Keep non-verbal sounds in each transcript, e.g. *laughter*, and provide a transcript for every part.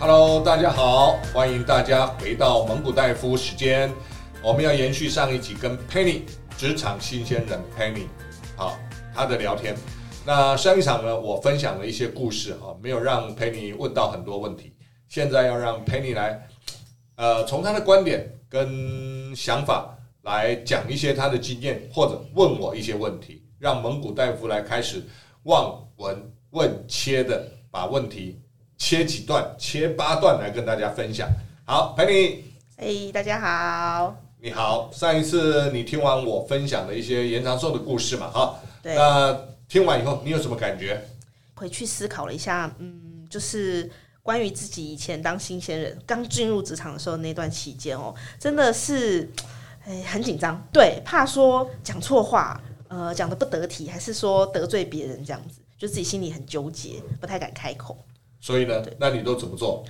Hello，大家好，歡迎大家回到蒙古大夫時間。我們要延續上一集跟 Penny 職場新鮮人 Penny 好，她的聊天。那上一場呢，我分享了一些故事哈，沒有讓 Penny 問到很多問題。現在要讓 Penny 來，呃，從她的觀點跟想法來講一些她的經驗，或者問我一些問題，讓蒙古大夫來開始望聞問切的把問題。切幾段，切八段來跟大家分享。好，陪你。誒、hey，大家好。你好。上一次你聽完我分享的一些延長壽的故事嘛？哈，對。那聽完以後，你有什麼感覺？回去思考了一下，嗯，就是關於自己以前當新鮮人、剛進入職場的時候那段期間哦，真的是誒，很緊張，對，怕說講錯話，呃，講得不得體，還是說得罪別人這樣子，就自己心裡很糾結，不太敢開口。所以呢？那你都怎麼做？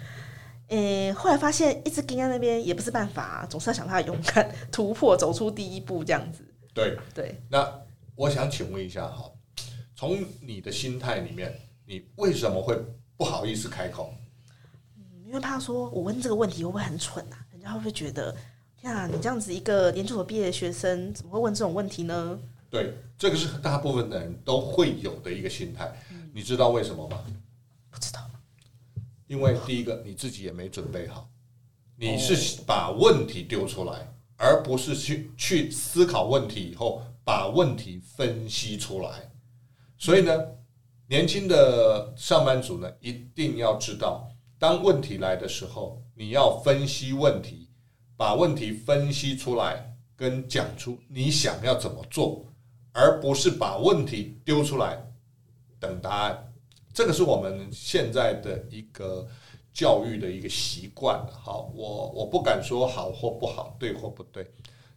呃、欸，後來發現一直跟在那邊也不是辦法，啊，總是要想辦法勇敢突破，走出第一步這樣子。對對。那我想請問一下哈，從你的心態裡面，你為什麼會不好意思開口？嗯，因為怕說我問這個問題會不會很蠢啊？人家會不會覺得，天啊，你這樣子一個研究所畢業的學生，怎麼會問這種問題呢？對，這個是大部分的人都會有的一個心態，嗯。你知道為什麼嗎？因為第一個，你自己也沒準備好，你是把問題丟出來，而不是去去思考問題以後把問題分析出來。所以呢，年輕的上班族呢，一定要知道，當問題來的時候，你要分析問題，把問題分析出來，跟講出你想要怎麼做，而不是把問題丟出來等答案。這個是我們現在的一個教育的一個習慣，好，我我不敢說好或不好，對或不對，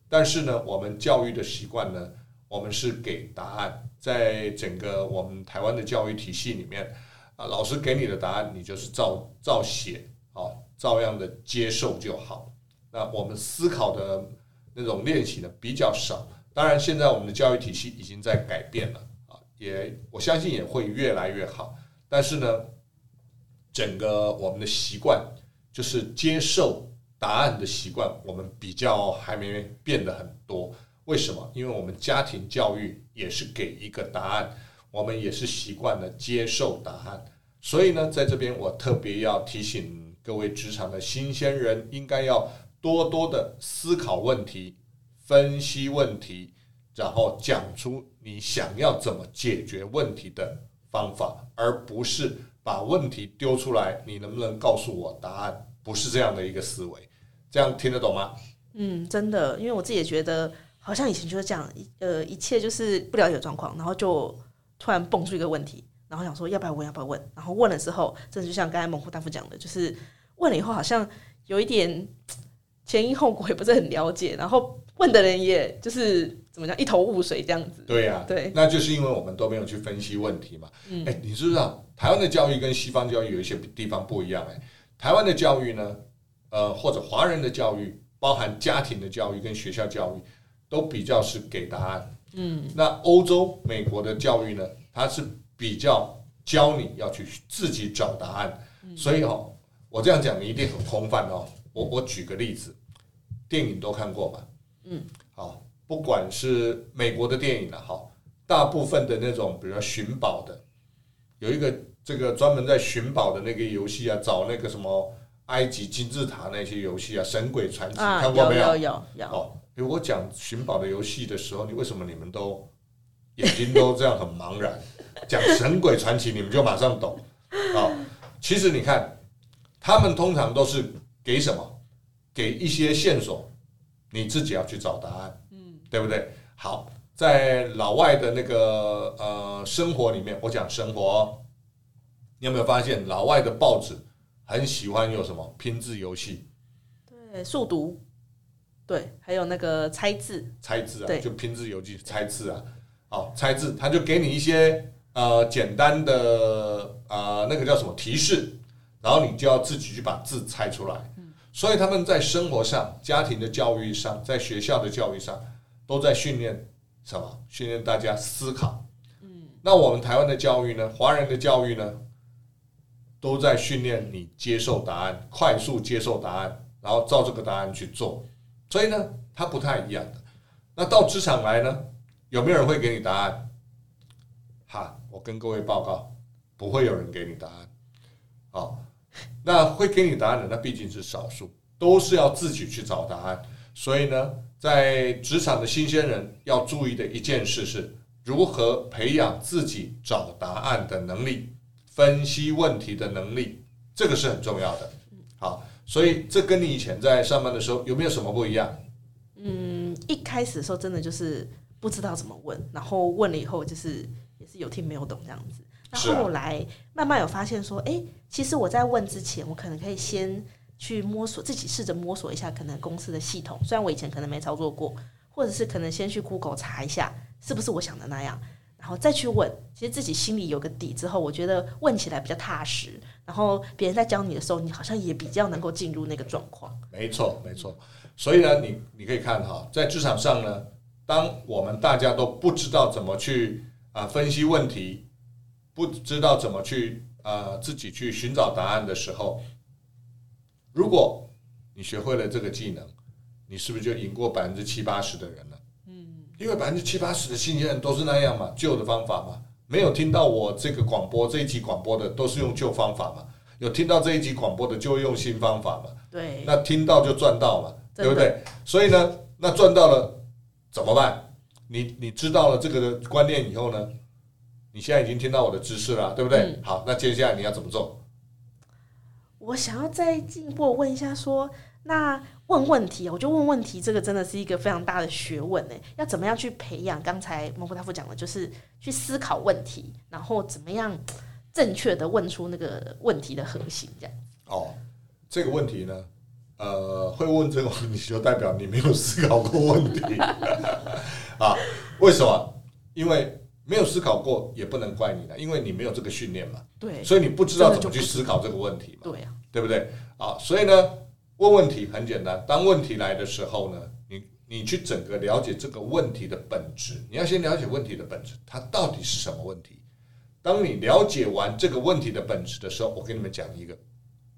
但是呢，我們教育的習慣呢，我們是給答案，在整個我們台灣的教育體系裡面，啊，老師給你的答案，你就是照照寫，啊，照樣的接受就好。那我們思考的那種練習呢，比較少。當然，現在我們的教育體系已經在改變了，啊，也我相信也會越來越好。但是呢，整個我們的習慣就是接受答案的習慣，我們比較還沒變得很多。為什麼？因為我們家庭教育也是給一個答案，我們也是習慣了接受答案。所以呢，在這邊我特別要提醒各位職場的新鮮人，應該要多多的思考問題、分析問題，然後講出你想要怎麼解決問題的。方法，而不是把問題丟出來。你能不能告訴我答案？不是這樣的一個思維，這樣聽得懂嗎？嗯，真的，因為我自己也覺得，好像以前就是這樣，呃，一切就是不了解狀況，然後就突然蹦出一個問題，然後想說，要不要問，要不要問？然後問了之後，這就像剛才萌骨戴夫講的，就是問了以後，好像有一點前因後果也不是很了解，然後問的人也就是。怎麼叫一頭霧水這樣子。對呀、啊，對，那就是因為我們都沒有去分析問題嘛。嗯，哎、欸，你知不知道台灣的教育跟西方教育有一些地方不一樣、欸？哎，台灣的教育呢，呃，或者華人的教育，包含家庭的教育跟學校教育，都比較是給答案。嗯，那歐洲、美國的教育呢，它是比較教你要去自己找答案。嗯、所以哦，我這樣講你一定很空泛哦。我我舉個例子，電影都看過吧？嗯，好。不管是美國的電影了、啊、哈，大部分的那種，比如說尋寶的，有一個這個專門在尋寶的那個遊戲啊，找那個什麼埃及金字塔那些遊戲啊，神鬼傳奇、啊、看過沒有？有有有哦！比如我講尋寶的遊戲的時候，你為什麼你們都眼睛都這樣很茫然？講 *laughs* 神鬼傳奇，你們就馬上懂啊！其實你看，他們通常都是給什麼？給一些線索，你自己要去找答案。對不對？好，在老外的那個呃生活裡面，我講生活，你有沒有發現老外的報紙很喜歡有什麼拼字遊戲？對，速讀，對，還有那個猜字，猜字啊，對就拼字遊戲猜字啊，好，猜字，他就給你一些呃簡單的啊、呃、那個叫什麼提示，然後你就要自己去把字猜出來。嗯，所以他們在生活上、家庭的教育上、在學校的教育上。都在訓練什麼？訓練大家思考。嗯，那我們台灣的教育呢？華人的教育呢？都在訓練你接受答案，快速接受答案，然後照這個答案去做。所以呢，它不太一樣的。那到職場來呢？有沒有人會給你答案？哈，我跟各位報告，不會有人給你答案。好、哦，那會給你答案的，那畢竟是少數，都是要自己去找答案。所以呢，在職場的新鮮人要注意的一件事是，如何培養自己找答案的能力、分析問題的能力，這個是很重要的。好，所以這跟你以前在上班的時候有沒有什麼不一樣？嗯，一開始的時候真的就是不知道怎麼問，然後問了以後就是也是有聽沒有懂這樣子。那後，後來慢慢有發現說，哎，其實我在問之前，我可能可以先。去摸索，自己試着摸索一下，可能公司的系統，雖然我以前可能沒操作過，或者是可能先去 Google 查一下，是不是我想的那樣，然後再去問。其實自己心裡有個底之後，我覺得問起來比較踏實。然後別人在教你的時候，你好像也比較能夠進入那個狀況。沒錯，沒錯。所以呢，你你可以看哈，在職場上呢，當我們大家都不知道怎麼去啊分析問題，不知道怎麼去啊自己去尋找答案的時候。如果你學會了這個技能，你是不是就贏過百分之七八十的人了？嗯，因為百分之七八十的新進人都是那樣嘛，舊的方法嘛，沒有聽到我這個廣播這一集廣播的都是用舊方法嘛，有聽到這一集廣播的就用新方法嘛。對、嗯，那聽到就賺到了，對不對？所以呢，那賺到了怎麼辦？你你知道了這個觀念以後呢，你現在已經聽到我的知識了，對不對？嗯、好，那接下來你要怎麼做？我想要再進一步問一下說，說那問問題，我就問問題，這個真的是一個非常大的學問誒，要怎麼樣去培養？剛才萌骨戴夫講的，就是去思考問題，然後怎麼樣正確的問出那個問題的核心，這樣。哦，這個問題呢，呃，會問這個問題，就代表你沒有思考過問題 *laughs* 啊？為什麼？因為。沒有思考過也不能怪你的，因為你沒有這個訓練嘛。對，所以你不知道怎麼去思考這個問題嘛。對呀，啊，對不對啊，哦？所以呢，問問題很簡單，當問題來的時候呢，你你去整個了解這個問題的本質，你要先了解問題的本質，它到底是什麼問題。當你了解完這個問題的本質的時候，我給你們講一個，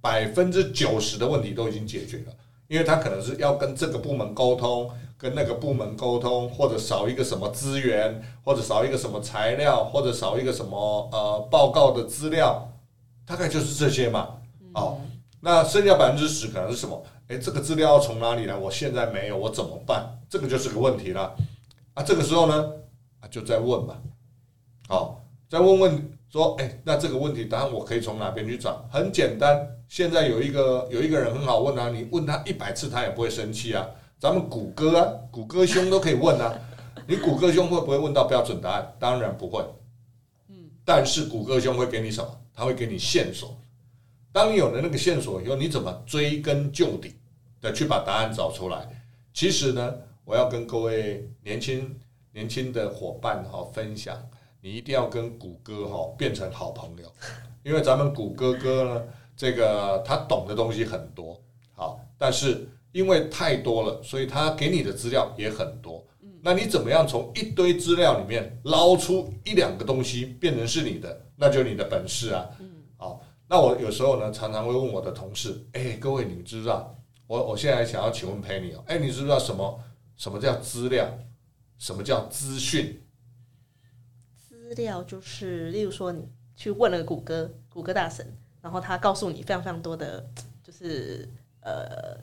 百分之九十的問題都已經解決了。因為他可能是要跟這個部門溝通，跟那個部門溝通，或者少一個什麼資源，或者少一個什麼材料，或者少一個什麼呃報告的資料，大概就是這些嘛。好、哦，那剩下百分之十可能是什麼？哎，這個資料要從哪裡來？我現在沒有，我怎麼辦？這個就是個問題了。啊，這個時候呢，啊就再問嘛。好、哦。再問問說，哎，那這個問題答案我可以從哪邊去找？很簡單，現在有一個有一個人很好問啊，你問他一百次他也不會生氣啊。咱們谷歌啊，谷歌兄都可以問啊。你谷歌兄會不會問到標準答案？當然不會。嗯，但是谷歌兄會給你什麼？他會給你線索。當你有了那個線索以後，你怎麼追根究底的去把答案找出來？其實呢，我要跟各位年輕年輕的夥伴哈、哦、分享。你一定要跟谷歌哈、哦、變成好朋友，因為咱們谷歌哥呢，這個他懂的東西很多，好，但是因為太多了，所以他給你的資料也很多。嗯，那你怎麼樣從一堆資料裡面撈出一兩個東西變成是你的，那就是你的本事啊。嗯，好，那我有時候呢，常常會問我的同事，哎、欸，各位你們知不知道，我我現在想要請問 Penny，哎、欸，你知不知道什麼什麼叫資料，什麼叫資訊？資料就是，例如說你去問了谷歌，谷歌大神，然後他告訴你非常非常多的，就是呃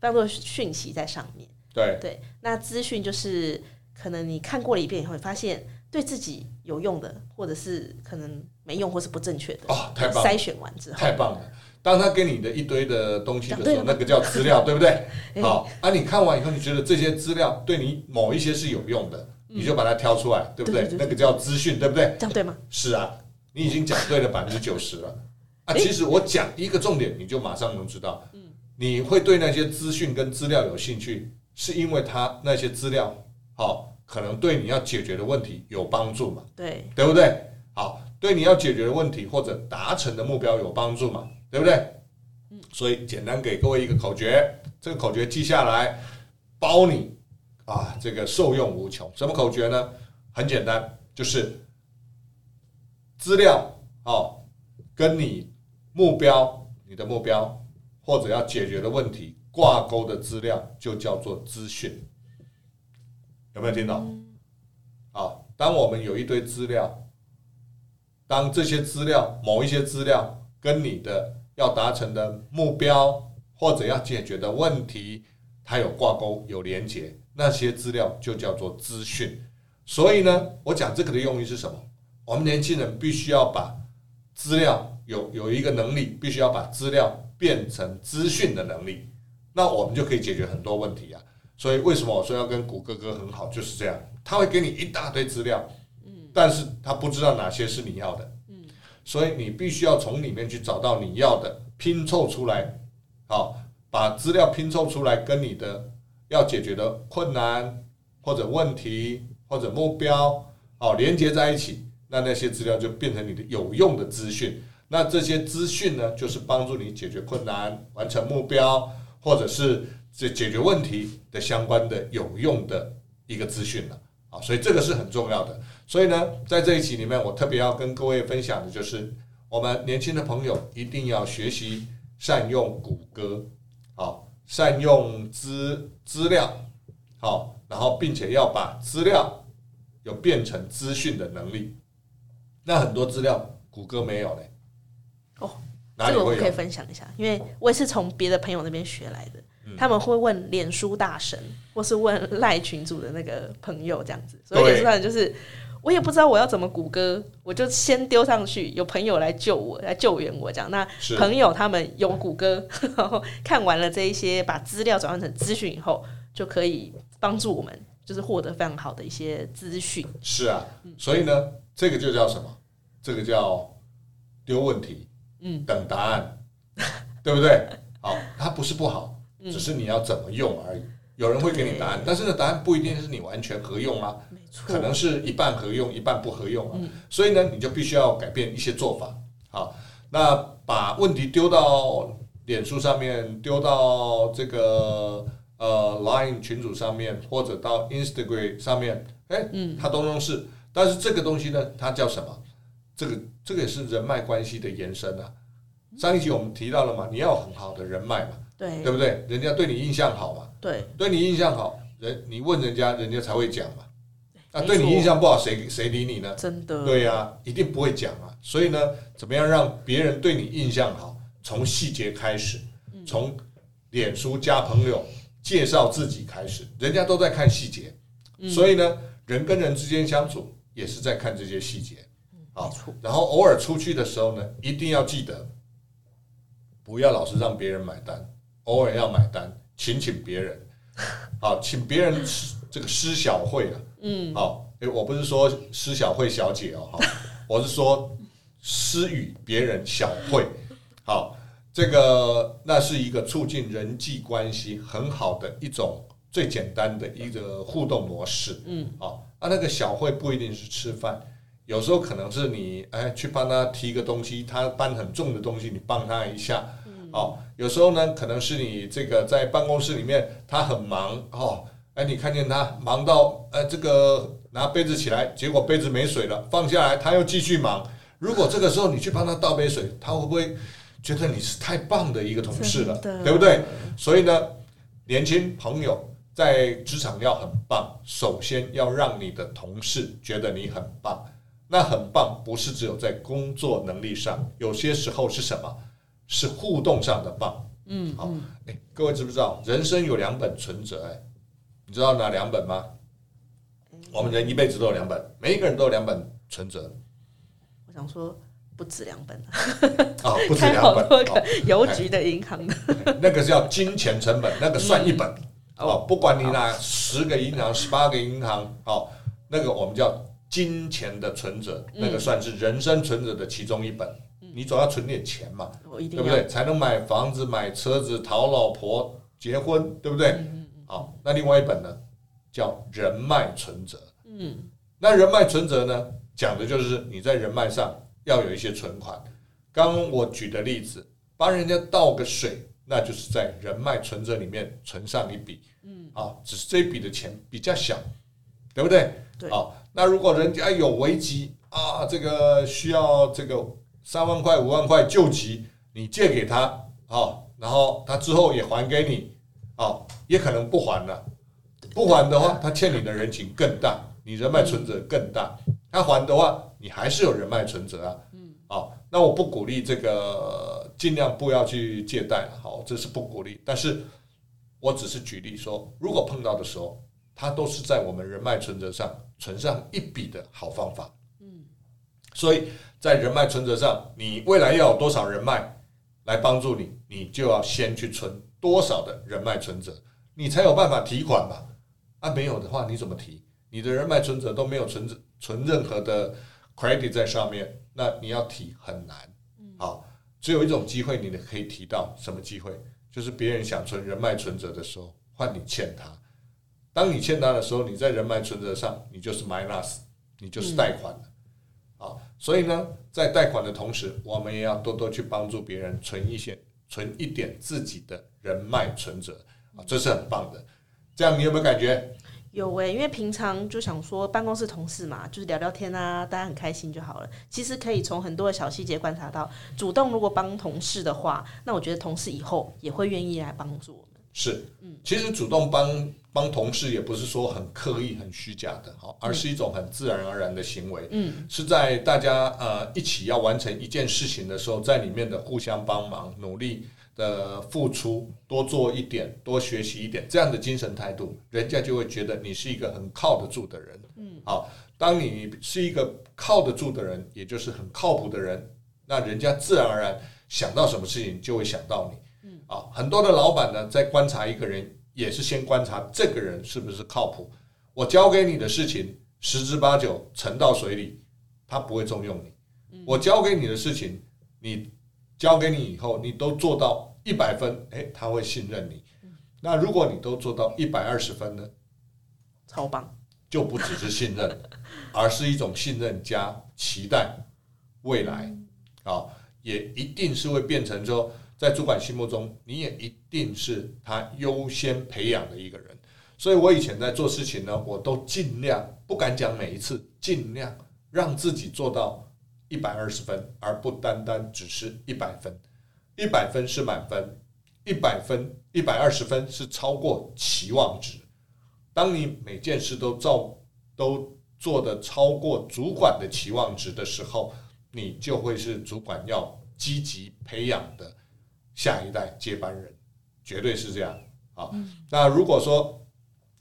非常多的訊息在上面。對對，那資訊就是可能你看過了一遍以後，你發現對自己有用的，或者是可能沒用或是不正確的。哦，太棒了！篩選完之後，太棒了。當他給你的一堆的東西的時候，啊、那個叫資料，對不對？ *laughs* 對好，而、啊、你看完以後，你覺得這些資料對你某一些是有用的。你就把它挑出來，嗯、對不對，對，對，對，對？那個叫資訊，對不對？這樣對嗎？是啊，你已經講對了百分之九十了啊！其實我講一個重點，你就馬上能知道。嗯，你會對那些資訊跟資料有興趣，是因為他那些資料好、哦，可能對你要解決的問題有幫助嘛？對，對不對？好，對你要解決的問題或者達成的目標有幫助嘛？對不對？嗯，所以簡單給各位一個口訣，嗯、這個口訣記下來，包你。啊，這個受用無窮。什麼口訣呢？很簡單，就是資料啊、哦，跟你目標、你的目標或者要解決的問題掛鈎的資料，就叫做資訊。有沒有聽到？啊、哦，當我們有一堆資料，當這些資料某一些資料跟你的要達成的目標或者要解決的問題。還有掛鈎，有連接，那些資料就叫做資訊。所以呢，我講這個的用意是什麼？我們年輕人必須要把資料有有一個能力，必須要把資料變成資訊的能力，那我們就可以解決很多問題啊。所以為什麼我說要跟谷歌哥,哥很好，就是這樣？他會給你一大堆資料，但是他不知道哪些是你要的，所以你必須要從裡面去找到你要的，拼湊出來，好、哦。把資料拼湊出來，跟你的要解決的困難或者問題或者目標，好連接在一起，那那些資料就變成你的有用的資訊。那這些資訊呢，就是幫助你解決困難、完成目標，或者是解解決問題的相關的有用的一個資訊了。啊，所以這個是很重要的。所以呢，在這一期裡面，我特別要跟各位分享的就是，我們年輕的朋友一定要學習善用谷歌。善用資資料，好，然後並且要把資料有變成資訊的能力。那很多資料，谷歌沒有嘞。哦、oh，這個我可以分享一下，因為我也是從別的朋友那邊學來的。Oh. 他們會問臉書大神，或是問賴群組的那個朋友這樣子，所以就算是就是。我也不知道我要怎麼谷歌，我就先丟上去，有朋友來救我，來救援我這樣。講那朋友他們有谷歌，然後看完了這一些，把資料轉換成資訊以後，就可以幫助我們，就是獲得非常好的一些資訊。是啊，所以呢，這個就叫什麼？這個叫丟問題，嗯，等答案、嗯，對不對？好，它不是不好，只是你要怎麼用而已。有人會給你答案，Okay. 但是呢，答案不一定是你完全合用啊，嗯，可能是一半合用，一半不合用啊。嗯、所以呢，你就必須要改變一些做法。好，那把問題丟到臉書上面，丟到這個、嗯、呃 Line 群組上面，或者到 Instagram 上面，哎，嗯，它都都是、嗯。但是這個東西呢，它叫什麼？這個這個也是人脈關係的延伸啊。上一集我們提到了嘛，你要很好的人脈嘛，對，對不對？人家對你印象好嘛。對，對你印象好人，你問人家，人家才會講嘛。那對你印象不好，誰誰理你呢？真的，對呀、啊，一定不會講啊。所以呢，怎麼樣讓別人對你印象好？從細節開始、嗯，從臉書加朋友、介紹自己開始，人家都在看細節。嗯、所以呢，人跟人之間相處也是在看這些細節、嗯、沒錯。好，然後偶爾出去的時候呢，一定要記得不要老是讓別人買單，偶爾要買單。請請別人，好，請別人這個施小惠啊，嗯，好，哎，我不是說施小惠小姐哦，好，我是說施與別人小惠，好，這個那是一個促進人際關係很好的一種最簡單的一個互動模式，嗯，啊，那個小惠不一定是吃飯，有時候可能是你哎去幫他提個東西，他搬很重的東西，你幫他一下。哦，有時候呢，可能是你這個在辦公室裡面，他很忙哦，哎，你看見他忙到呃、哎，這個拿杯子起來，結果杯子沒水了，放下來他又繼續忙。如果這個時候你去幫他倒杯水，他會不會覺得你是太棒的一個同事了？對，對，對不對？所以呢，年輕朋友在職場要很棒，首先要讓你的同事覺得你很棒。那很棒不是只有在工作能力上，有些時候是什麼？是互動上的棒，嗯，好，哎、欸，各位知不知道人生有兩本存摺、欸？哎，你知道哪兩本嗎？我們人一輩子都有兩本，每一個人都有兩本存摺。我想說不止兩本啊、哦，不止兩本，郵局的銀行、哦、那個叫金錢成本，那個算一本、嗯、哦。不管你拿十個銀行、十八個銀行，哦，那個我們叫金錢的存摺，那個算是人生存摺的其中一本。你總要存點錢嘛，對不對？才能買房子、買車子、討老婆、結婚，對不對？嗯，嗯，好，那另外一本呢，叫人脈存摺。嗯。那人脈存摺呢，講的就是你在人脈上要有一些存款。剛剛我舉的例子，幫人家倒個水，那就是在人脈存摺裡面存上一筆。嗯，啊，只是這筆的錢比較小，對不對？對。好，那如果人家有危機啊，這個需要這個。三萬塊、五萬塊救急，你借給他，好、哦，然後他之後也還給你，好、哦，也可能不還了。不還的話，他欠你的人情更大，你人脈存摺更大。他還的話，你還是有人脈存摺啊。好、哦，那我不鼓勵這個，盡量不要去借貸，好、哦，這是不鼓勵。但是我只是舉例說，如果碰到的時候，他都是在我們人脈存摺上存上一筆的好方法。所以在人脈存折上，你未來要有多少人脈來幫助你，你就要先去存多少的人脈存折，你才有辦法提款吧？啊，沒有的話你怎麼提？你的人脈存折都沒有存存任何的 credit 在上面，那你要提很難。好，只有一種機會，你可以提到什麼機會？就是別人想存人脈存折的時候，換你欠他。當你欠他的時候，你在人脈存折上，你就是 minus，你就是貸款了。嗯好，所以呢，在貸款的同時，我們也要多多去幫助別人，存一些、存一點自己的人脈存摺，啊，這是很棒的。這樣你有沒有感覺？有哎、欸，因為平常就想說辦公室同事嘛，就是聊聊天啊，大家很開心就好了。其實可以從很多的小細節觀察到，主動如果幫同事的話，那我覺得同事以後也會願意來幫助。是，其實主動幫幫同事也不是說很刻意、嗯、很虛假的，哈，而是一種很自然而然的行為。嗯，是在大家呃一起要完成一件事情的時候，在裡面的互相幫忙、努力的付出、多做一點、多學習一點這樣的精神態度，人家就會覺得你是一個很靠得住的人。嗯，好，當你是一個靠得住的人，也就是很靠譜的人，那人家自然而然想到什麼事情就會想到你。啊、哦，很多的老闆呢，在觀察一個人，也是先觀察這個人是不是靠譜。我交給你的事情，十之八九沉到水裡，他不會重用你。嗯、我交給你的事情，你交給你以後，你都做到一百分，哎，他會信任你。嗯、那如果你都做到一百二十分呢？超棒，就不只是信任， *laughs* 而是一種信任加期待未來。啊、嗯哦，也一定是會變成說。在主管心目中，你也一定是他優先培養的一個人。所以，我以前在做事情呢，我都盡量不敢講每一次，盡量讓自己做到一百二十分，而不單單只是一百分。一百分是滿分，一百分，一百二十分是超過期望值。當你每件事都照都做得超過主管的期望值的時候，你就會是主管要積極培養的。下一代接班人絕對是這樣啊。那如果說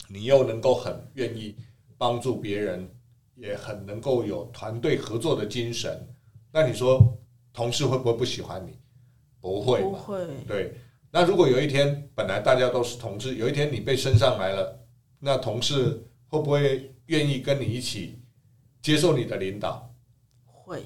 你又能夠很願意幫助別人，也很能夠有團隊合作的精神，那你說同事會不會不喜歡你？不會吧，不會。對。那如果有一天，本來大家都是同事，有一天你被升上來了，那同事會不會願意跟你一起接受你的領導？會，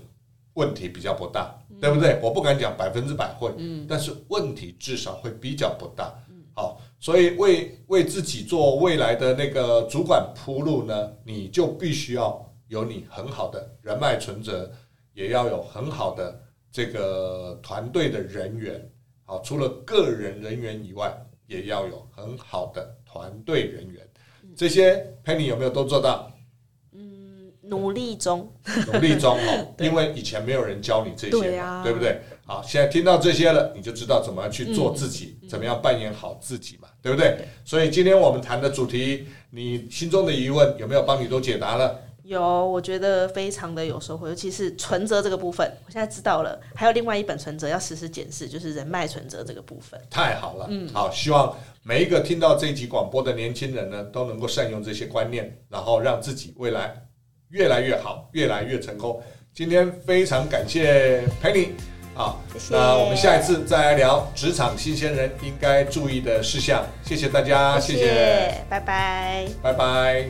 問題比較不大。對不對？我不敢講百分之百會、嗯，但是問題至少會比較不大。好，所以為為自己做未來的那個主管鋪路呢，你就必須要有你很好的人脈存摺，也要有很好的這個團隊的人員。好，除了個人人員以外，也要有很好的團隊人員。這些 Penny 有沒有都做到？努力，努力中，努力中哦，因為以前沒有人教你這些嘛。對、啊，對不對？好，現在聽到這些了，你就知道怎麼樣去做自己、嗯，怎麼樣扮演好自己嘛，嗯、對不對，對？所以今天我們談的主題，你心中的疑問有沒有幫你都解答了？有，我覺得非常的有收穫，尤其是存摺這個部分，我現在知道了，還有另外一本存摺要實時檢視，就是人脈存摺這個部分。太好了，嗯，好，希望每一個聽到這一集廣播的年輕人呢，都能夠善用這些觀念，然後讓自己未來。越來越好，越來越成功。今天非常感謝 Penny 啊，那我們下一次再來聊職場新鮮人應該注意的事項。謝謝大家，謝謝，謝謝拜拜，拜拜。